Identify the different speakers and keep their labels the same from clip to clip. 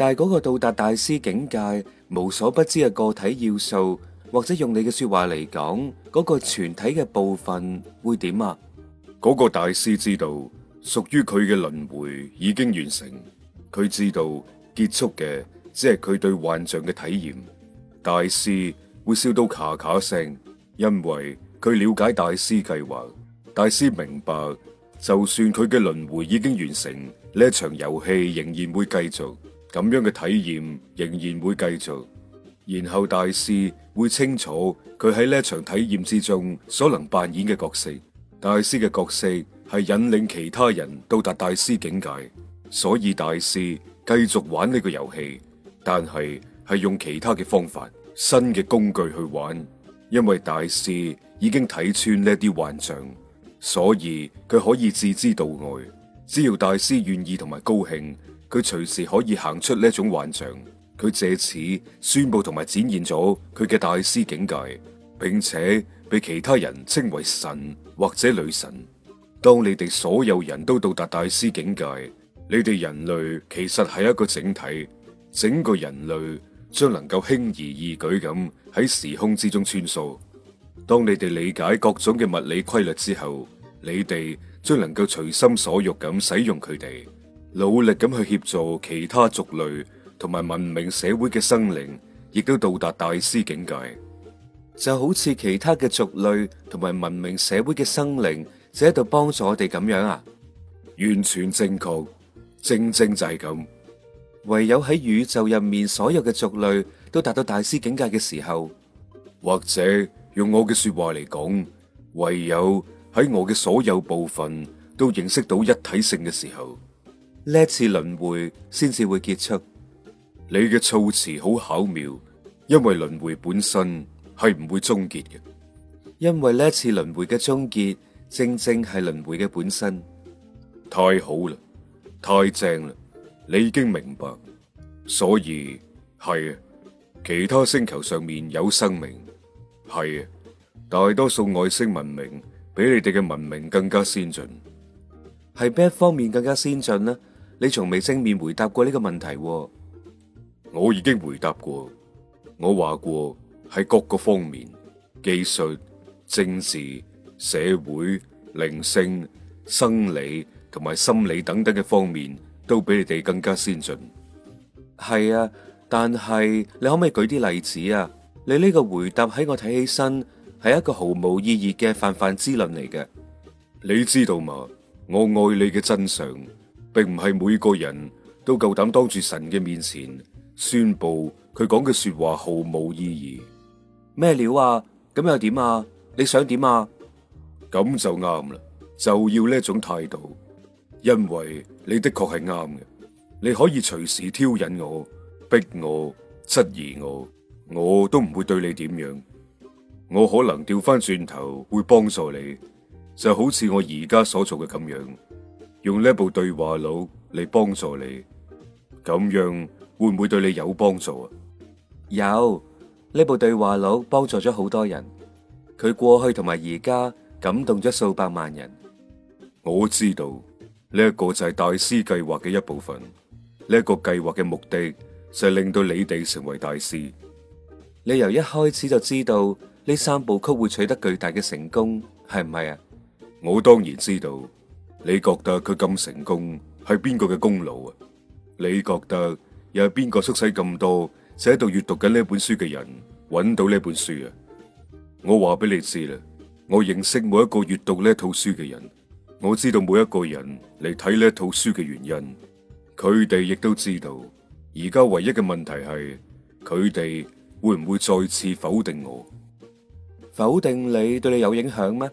Speaker 1: 但係嗰個到達大師境界無所不知嘅個體要素，或者用你嘅說話嚟講，嗰個全體嘅部分會點啊？嗰個大師知道屬於佢嘅輪迴已經完成，佢知道結束嘅只係佢對幻象嘅體驗。大師會笑到咔咔聲，因為佢了解大師計劃。大師明白，就算佢嘅輪迴已經完成，呢一場遊戲仍然會繼續。咁樣嘅體驗仍然會繼續，然後大師會清楚佢喺呢一場體驗之中所能扮演嘅角色。大師嘅角色係引領其他人到達大師境界，所以大師繼續玩呢個遊戲，但係係用其他嘅方法、新嘅工具去玩，因為大師已經睇穿呢啲幻象，所以佢可以置之度外。只要大師願意同埋高興。佢隨時可以行出呢種幻象，佢借此宣佈同埋展現咗佢嘅大師境界，並且被其他人稱為神或者女神。當你哋所有人都到達大師境界，你哋人類其實係一個整體，整個人類將能夠輕而易舉咁喺時空之中穿梭。當你哋理解各種嘅物理規律之後，你哋將能夠隨心所欲咁使用佢哋。努力咁去協助其他族類同埋文明社會嘅生靈，亦都到達大師境界，就好似其他嘅族類同埋文明社會嘅生靈，就喺度幫助我哋咁樣啊。完全正確，正正就係咁。唯有喺宇宙入面所有嘅族類都達到大師境界嘅時候，或者用我嘅說話嚟講，唯有喺我嘅所有部分都認識到一體性嘅時候。呢次輪迴先至會結束，你嘅措辭好巧妙，因為輪迴本身係唔會終結嘅，因為呢次輪迴嘅終結正正係輪迴嘅本身。太好啦，太正啦！你已經明白，所以係啊，其他星球上面有生命，係啊，大多數外星文明比你哋嘅文明更加先進。係邊一方面更加先進呢？你從未正面回答過呢個問題哦，我已經回答過，我話過喺各個方面，技術、政治、社會、靈性、生理同埋心理等等嘅方面，都比你哋更加先進。係啊，但係你可唔可以舉啲例子啊？你呢個回答喺我睇起身係一個毫無意義嘅泛泛之論嚟嘅。你知道嗎？我愛你嘅真相。並唔係每個人都夠膽當住神嘅面前宣布佢講嘅說話毫無意義。咩料啊？咁又點啊？你想點啊？咁就啱啦，就要呢一種態度，因為你的確係啱嘅。你可以隨時挑釁我、逼我、質疑我，我都唔會對你點樣。我可能調翻轉頭會幫助你，就好似我而家所做嘅咁樣。用呢部對話錄嚟幫助你，咁樣會唔會對你有幫助啊？有呢部對話錄幫助咗好多人，佢過去同埋而家感動咗數百萬人。我知道呢一個就係大師計劃嘅一部分，呢一個計劃嘅目的就係令到你哋成為大師。你由一開始就知道呢三部曲會取得巨大嘅成功，係唔係啊？我當然知道。你覺得佢咁成功係邊個嘅功勞啊？你覺得又係邊個促使咁多，正喺度閱讀緊呢本書嘅人揾到呢本書啊？我話俾你知啦，我認識每一個閱讀呢一套書嘅人，我知道每一個人嚟睇呢一套書嘅原因，佢哋亦都知道。而家唯一嘅問題係，佢哋會唔會再次否定我？否定你對你有影響咩？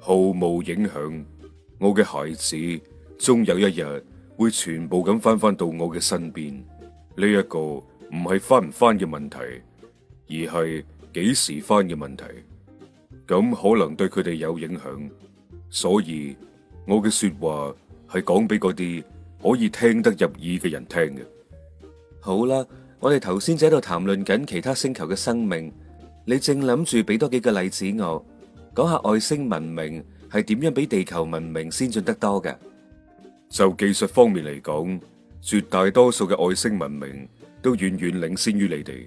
Speaker 1: 毫無影響。我嘅孩子終有一日會全部咁翻翻到我嘅身邊，呢一個唔係翻唔翻嘅問題，而係幾時翻嘅問題。咁可能對佢哋有影響，所以我嘅說話係講俾嗰啲可以聽得入耳嘅人聽嘅。好啦，我哋頭先就喺度談論緊其他星球嘅生命，你正諗住俾多幾個例子我講下外星文明。係點樣比地球文明先進得多嘅？就技術方面嚟講，絕大多數嘅外星文明都遠遠領先於你哋。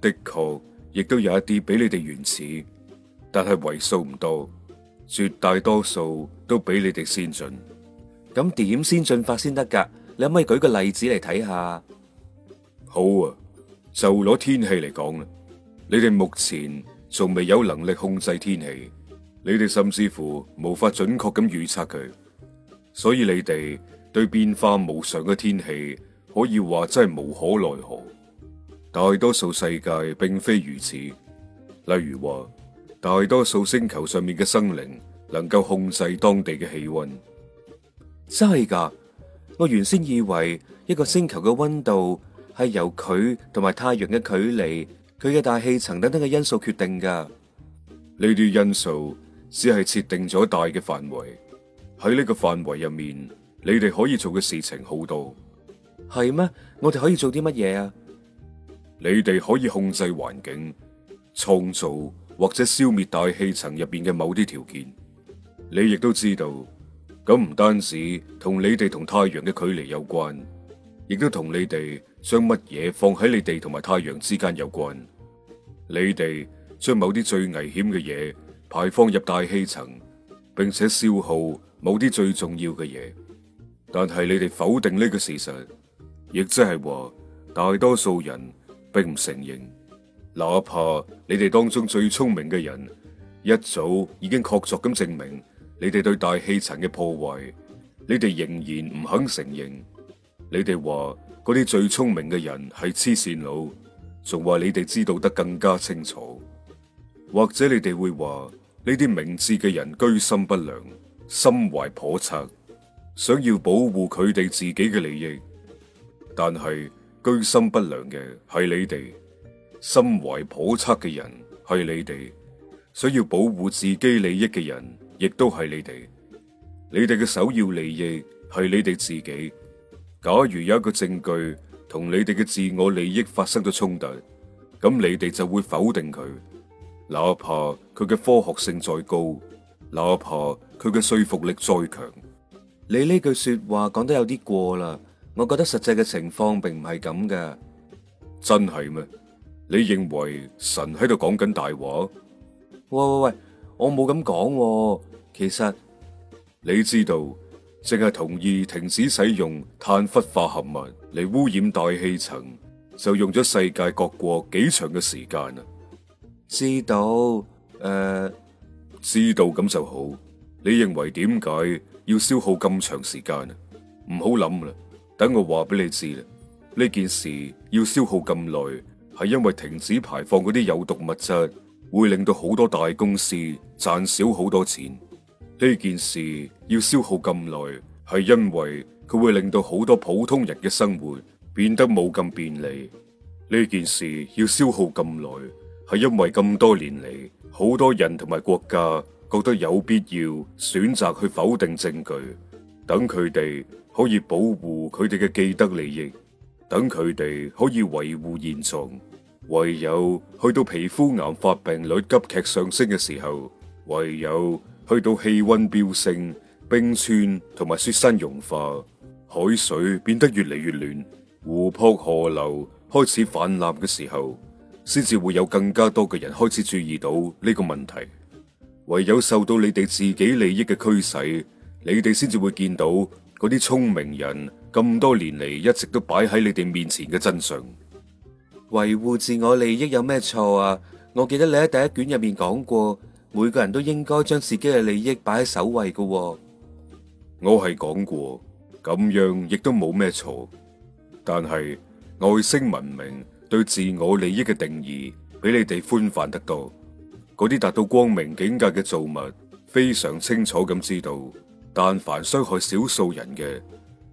Speaker 1: 的確，亦都有一啲比你哋原始，但係為數唔多。絕大多數都比你哋先進。咁點先進法先得噶？你可唔可以舉個例子嚟睇下？好啊，就攞天氣嚟講啦。你哋目前仲未有能力控制天氣。你哋甚至乎無法準確咁預測佢，所以你哋對變化無常嘅天氣可以話真係無可奈何。大多數世界並非如此，例如話，大多數星球上面嘅生靈能夠控制當地嘅氣温。真係㗎，我原先以為一個星球嘅温度係由佢同埋太陽嘅距離、佢嘅大氣層等等嘅因素決定㗎。呢啲因素。只係設定咗大嘅範圍，喺呢個範圍入面，你哋可以做嘅事情好多，係咩？我哋可以做啲乜嘢啊？你哋可以控制環境，創造或者消滅大氣層入邊嘅某啲條件。你亦都知道，咁唔單止同你哋同太陽嘅距離有關，亦都同你哋將乜嘢放喺你哋同埋太陽之間有關。你哋將某啲最危險嘅嘢。排放入大氣層，並且消耗某啲最重要嘅嘢，但係你哋否定呢個事實，亦即係話大多數人並唔承認，哪怕你哋當中最聰明嘅人一早已經確鑿咁證明你哋對大氣層嘅破壞，你哋仍然唔肯承認。你哋話嗰啲最聰明嘅人係黐線佬，仲話你哋知道得更加清楚。或者你哋會話呢啲明智嘅人居心不良，心懷叵測，想要保護佢哋自己嘅利益。但係居心不良嘅係你哋，心懷叵測嘅人係你哋，想要保護自己利益嘅人亦都係你哋。你哋嘅首要利益係你哋自己。假如有一個證據同你哋嘅自我利益發生咗衝突，咁你哋就會否定佢。哪怕佢嘅科學性再高，哪怕佢嘅說服力再強，你呢句說話講得有啲過啦。我覺得實際嘅情況並唔係咁㗎。真係咩？你認為神喺度講緊大話？喂喂喂，我冇咁講喎。其實你知道，淨係同意停止使用碳氟化合物嚟污染大氣層，就用咗世界各國幾長嘅時間啊！知道誒，呃、知道咁就好。你認為點解要消耗咁長時間啊？唔好諗啦，等我話俾你知啦。呢件事要消耗咁耐，係因為停止排放嗰啲有毒物質會令到好多大公司賺少好多錢。呢件事要消耗咁耐，係因為佢會令到好多普通人嘅生活變得冇咁便利。呢件事要消耗咁耐，係因為咁多年嚟，好多人同埋國家覺得有必要選擇去否定證據，等佢哋可以保護佢哋嘅既得利益，等佢哋可以維護現狀。唯有去到皮膚癌發病率急劇上升嘅時候，唯有去到氣溫飆升、冰川同埋雪山融化、海水變得越嚟越暖、湖泊河流開始泛濫嘅時候。先至會有更加多嘅人開始注意到呢個問題。唯有受到你哋自己利益嘅驅使，你哋先至會見到嗰啲聰明人咁多年嚟，一直都擺喺你哋面前嘅真相。維護自我利益有咩錯啊？我記得你喺第一卷入面講過，每個人都應該將自己嘅利益擺喺首位㗎喎。我係講過，咁樣亦都冇咩錯。但係外星文明。對自我利益嘅定義比你哋寬泛得多。嗰啲達到光明境界嘅造物，非常清楚咁知道：但凡傷害少數人嘅，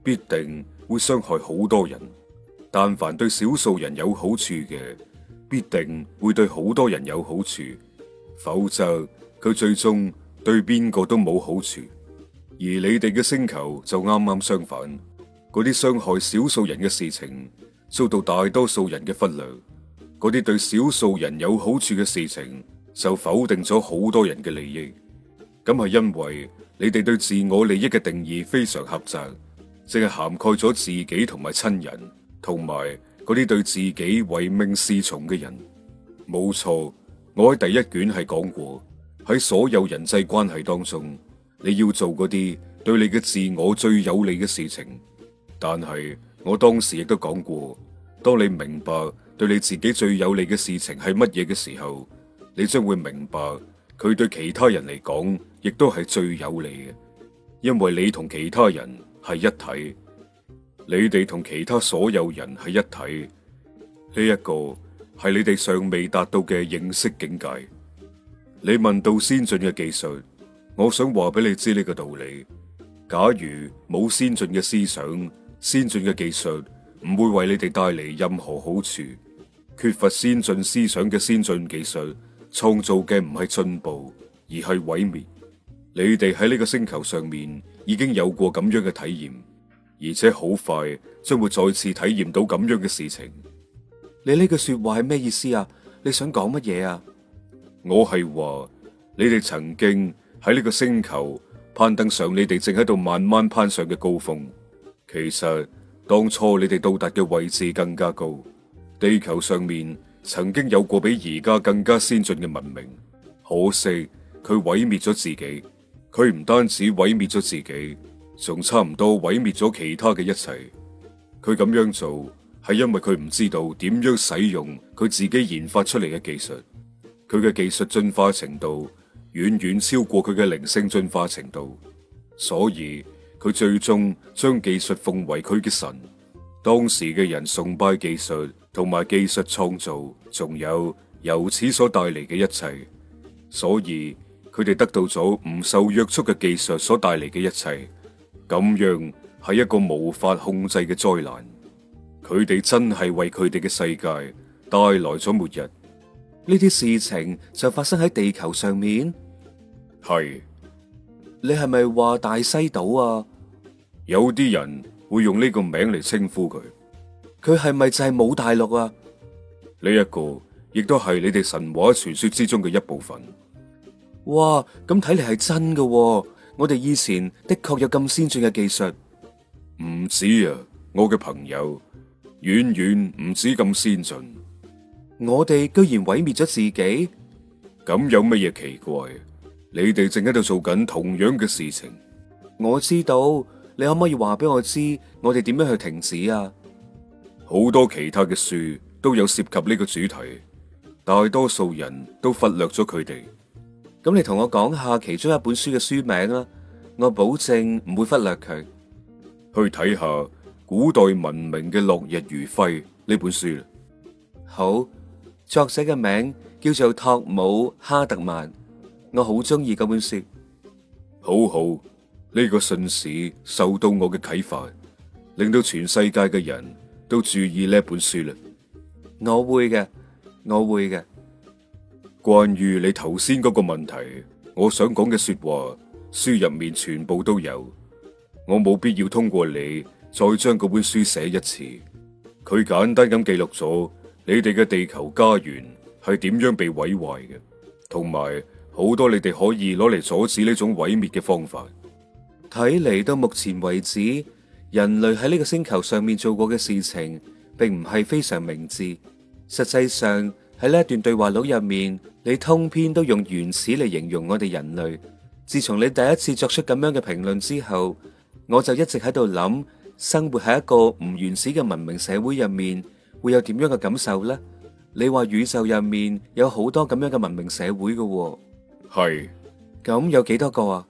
Speaker 1: 必定會傷害好多人；但凡對少數人有好處嘅，必定會對好多人有好處。否則佢最終對邊個都冇好處。而你哋嘅星球就啱啱相反，嗰啲傷害少數人嘅事情。遭到大多數人嘅忽略，嗰啲對少數人有好處嘅事情，就否定咗好多人嘅利益。咁係因為你哋對自我利益嘅定義非常狹窄，淨係涵蓋咗自己同埋親人，同埋嗰啲對自己唯命是從嘅人。冇錯，我喺第一卷係講過，喺所有人際關係當中，你要做嗰啲對你嘅自我最有利嘅事情，但係。我當時亦都講過，當你明白對你自己最有利嘅事情係乜嘢嘅時候，你將會明白佢對其他人嚟講亦都係最有利嘅，因為你同其他人係一體，你哋同其他所有人係一體，呢一個係你哋尚未達到嘅認識境界。你問到先進嘅技術，我想話俾你知呢個道理。假如冇先進嘅思想。先進嘅技術唔會為你哋帶嚟任何好處，缺乏先進思想嘅先進技術，創造嘅唔係進步，而係毀滅。你哋喺呢個星球上面已經有過咁樣嘅體驗，而且好快將會再次體驗到咁樣嘅事情。你呢句說話係咩意思啊？你想講乜嘢啊？我係話你哋曾經喺呢個星球攀登上你哋正喺度慢慢攀上嘅高峰。其實當初你哋到達嘅位置更加高，地球上面曾經有過比而家更加先進嘅文明，可惜佢毀滅咗自己，佢唔單止毀滅咗自己，仲差唔多毀滅咗其他嘅一切。佢咁樣做係因為佢唔知道點樣使用佢自己研發出嚟嘅技術，佢嘅技術進化程度遠遠超過佢嘅靈性進化程度，所以，佢最終將技術奉為佢嘅神，當時嘅人崇拜技術同埋技術創造，仲有由此所帶嚟嘅一切，所以佢哋得到咗唔受約束嘅技術所帶嚟嘅一切，咁樣係一個無法控制嘅災難。佢哋真係為佢哋嘅世界帶來咗末日。呢啲事情就發生喺地球上面？係是你係咪話大西島啊？有啲人會用呢個名嚟稱呼佢，佢係咪就係姆大陸啊？呢一個亦都係你哋神話傳說之中嘅一部分。哇，咁睇嚟係真噶喎。我哋以前的確有咁先進嘅技術，唔止啊。我嘅朋友遠遠唔止咁先進。我哋居然毀滅咗自己，咁有乜嘢奇怪？你哋正喺度做緊同樣嘅事情，我知道。你可唔可以話俾我知，我哋點樣去停止啊？好多其他嘅書都有涉及呢個主題，大多數人都忽略咗佢哋。咁你同我講下其中一本書嘅書名啦，我保證唔會忽略佢。去睇下古代文明嘅落日如暉呢本書。好，作者嘅名叫做托姆哈特曼，我好中意嗰本書。好好。呢個信使受到我嘅啟發，令到全世界嘅人都注意呢本書啦。我會嘅，我會嘅。關於你頭先嗰個問題，我想講嘅說話，書入面全部都有，我冇必要通過你再將嗰本書寫一次。佢簡單咁記錄咗你哋嘅地球家園係點樣被毀壞嘅，同埋好多你哋可以攞嚟阻止呢種毀滅嘅方法。睇嚟到目前為止，人類喺呢個星球上面做過嘅事情，並唔係非常明智。實際上喺呢一段對話錄入面，你通篇都用原始嚟形容我哋人類。自從你第一次作出咁樣嘅評論之後，我就一直喺度諗，生活喺一個唔原始嘅文明社會入面，會有點樣嘅感受呢？你話宇宙入面有好多咁樣嘅文明社會嘅。哦，係咁是有幾多個啊？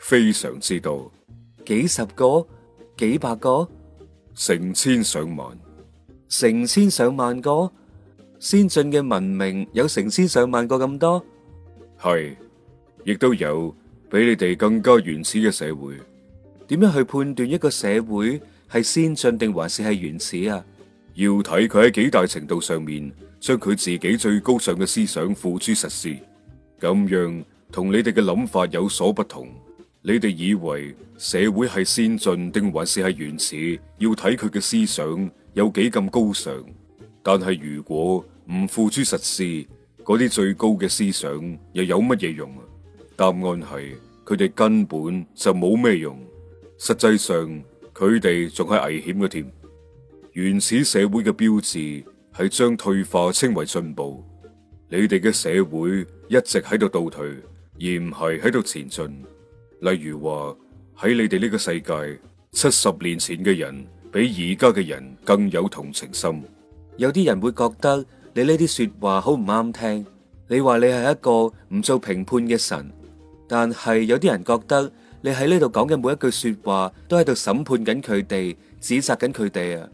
Speaker 1: 非常之多，幾十個、幾百個、成千上萬、成千上萬個先進嘅文明，有成千上萬個咁多，係，亦都有比你哋更加原始嘅社會。點樣去判斷一個社會係先進定還是係原始啊？要睇佢喺幾大程度上面將佢自己最高尚嘅思想付諸實施，咁樣同你哋嘅諗法有所不同。你哋以為社會係先進定還是係原始？要睇佢嘅思想有幾咁高尚。但係如果唔付諸實施，嗰啲最高嘅思想又有乜嘢用啊？答案係佢哋根本就冇咩用。實際上佢哋仲係危險嘅添。原始社會嘅標誌係將退化稱為進步。你哋嘅社會一直喺度倒退，而唔係喺度前進。例如話喺你哋呢個世界，七十年前嘅人比而家嘅人更有同情心。有啲人會覺得你呢啲說話好唔啱聽。你話你係一個唔做評判嘅神，但係有啲人覺得你喺呢度講嘅每一句說話都喺度審判緊佢哋，指責緊佢哋啊！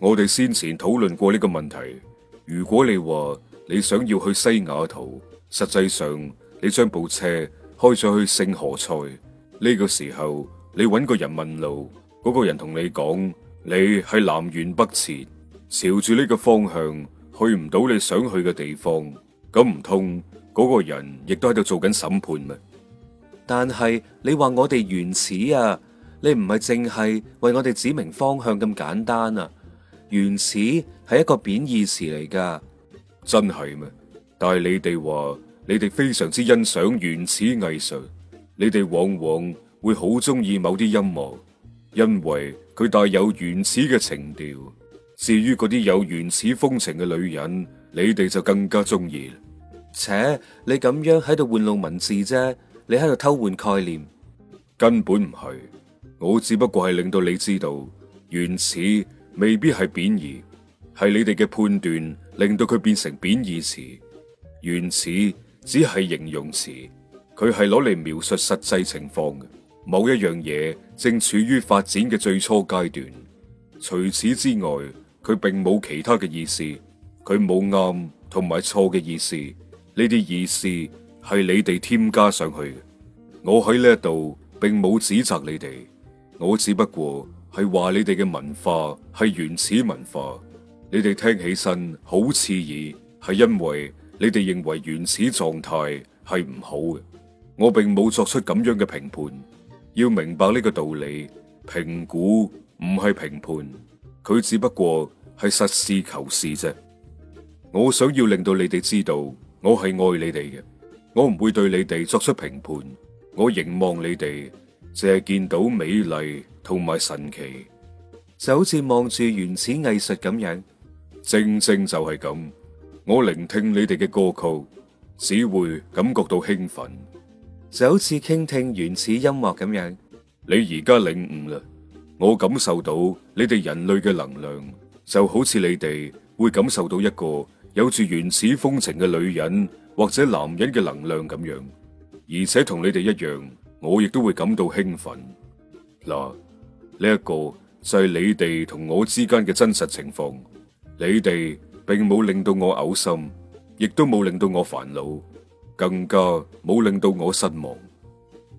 Speaker 1: 我哋先前討論過呢個問題。如果你話你想要去西雅圖，實際上你將部車。開咗去聖河賽呢個時候，你搵個人問路，嗰、那個人同你講，你喺南轅北轍，朝住呢個方向去唔到你想去嘅地方。咁唔通嗰個人亦都喺度做緊審判咩？但係你話我哋原始啊，你唔係淨係為我哋指明方向咁簡單啊！原始係一個貶義詞嚟噶，啊是是啊、真係咩？但係你哋話。你哋非常之欣賞原始藝術，你哋往往會好中意某啲音樂，因為佢帶有原始嘅情調。至於嗰啲有原始風情嘅女人，你哋就更加中意。且你咁樣喺度玩弄文字啫，你喺度偷換概念，根本唔係。我只不過係令到你知道，原始未必係貶義，係你哋嘅判斷令到佢變成貶義詞。原始，只係形容詞，佢係攞嚟描述實際情況嘅。某一樣嘢正處於發展嘅最初階段。除此之外，佢並冇其他嘅意思，佢冇啱同埋錯嘅意思。呢啲意思係你哋添加上去嘅。我喺呢一度並冇指責你哋，我只不過係話你哋嘅文化係原始文化，你哋聽起身好刺耳，係因為。你哋認為原始狀態係唔好嘅，我並冇作出咁樣嘅評判。要明白呢個道理，評估唔係評判，佢只不過係實事求是啫。我想要令到你哋知道我，我係愛你哋嘅，我唔會對你哋作出評判。我凝望你哋，淨係見到美麗同埋神奇，就好似望住原始藝術咁樣，正正就係咁。我聆聽你哋嘅歌曲，只會感覺到興奮，就好似傾聽原始音樂咁樣。你而家領悟啦，我感受到你哋人類嘅能量，就好似你哋會感受到一個有住原始風情嘅女人或者男人嘅能量咁樣，而且同你哋一樣，我亦都會感到興奮。嗱，呢一個就係你哋同我之間嘅真實情況，你哋，並冇令到我嘔心，亦都冇令到我煩惱，更加冇令到我失望。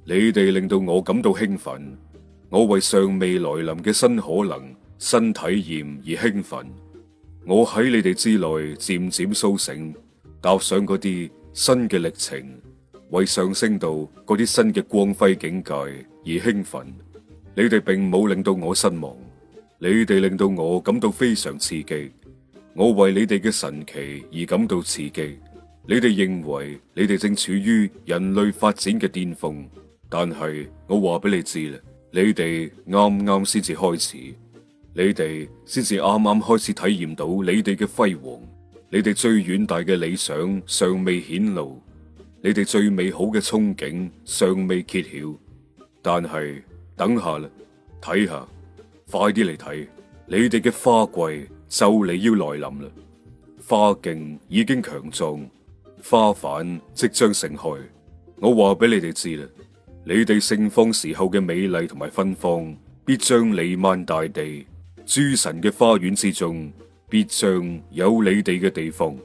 Speaker 1: 你哋令到我感到興奮，我為尚未來臨嘅新可能、新體驗而興奮。我喺你哋之內漸漸蘇醒，踏上嗰啲新嘅歷程，為上升到嗰啲新嘅光輝境界而興奮。你哋並冇令到我失望，你哋令到我感到非常刺激。我為你哋嘅神奇而感到刺激。你哋認為你哋正處於人類發展嘅巔峰，但係我話俾你知啦，你哋啱啱先至開始，你哋先至啱啱開始體驗到你哋嘅輝煌，你哋最遠大嘅理想尚未顯露，你哋最美好嘅憧憬尚未揭曉。但係等下啦，睇下，快啲嚟睇，你哋嘅花季。就你要來臨啦，花莖已經強壯，花瓣即將盛開。我話俾你哋知啦，你哋盛放時候嘅美麗同埋芬芳，必將彌漫大地。諸神嘅花園之中，必將有你哋嘅地方。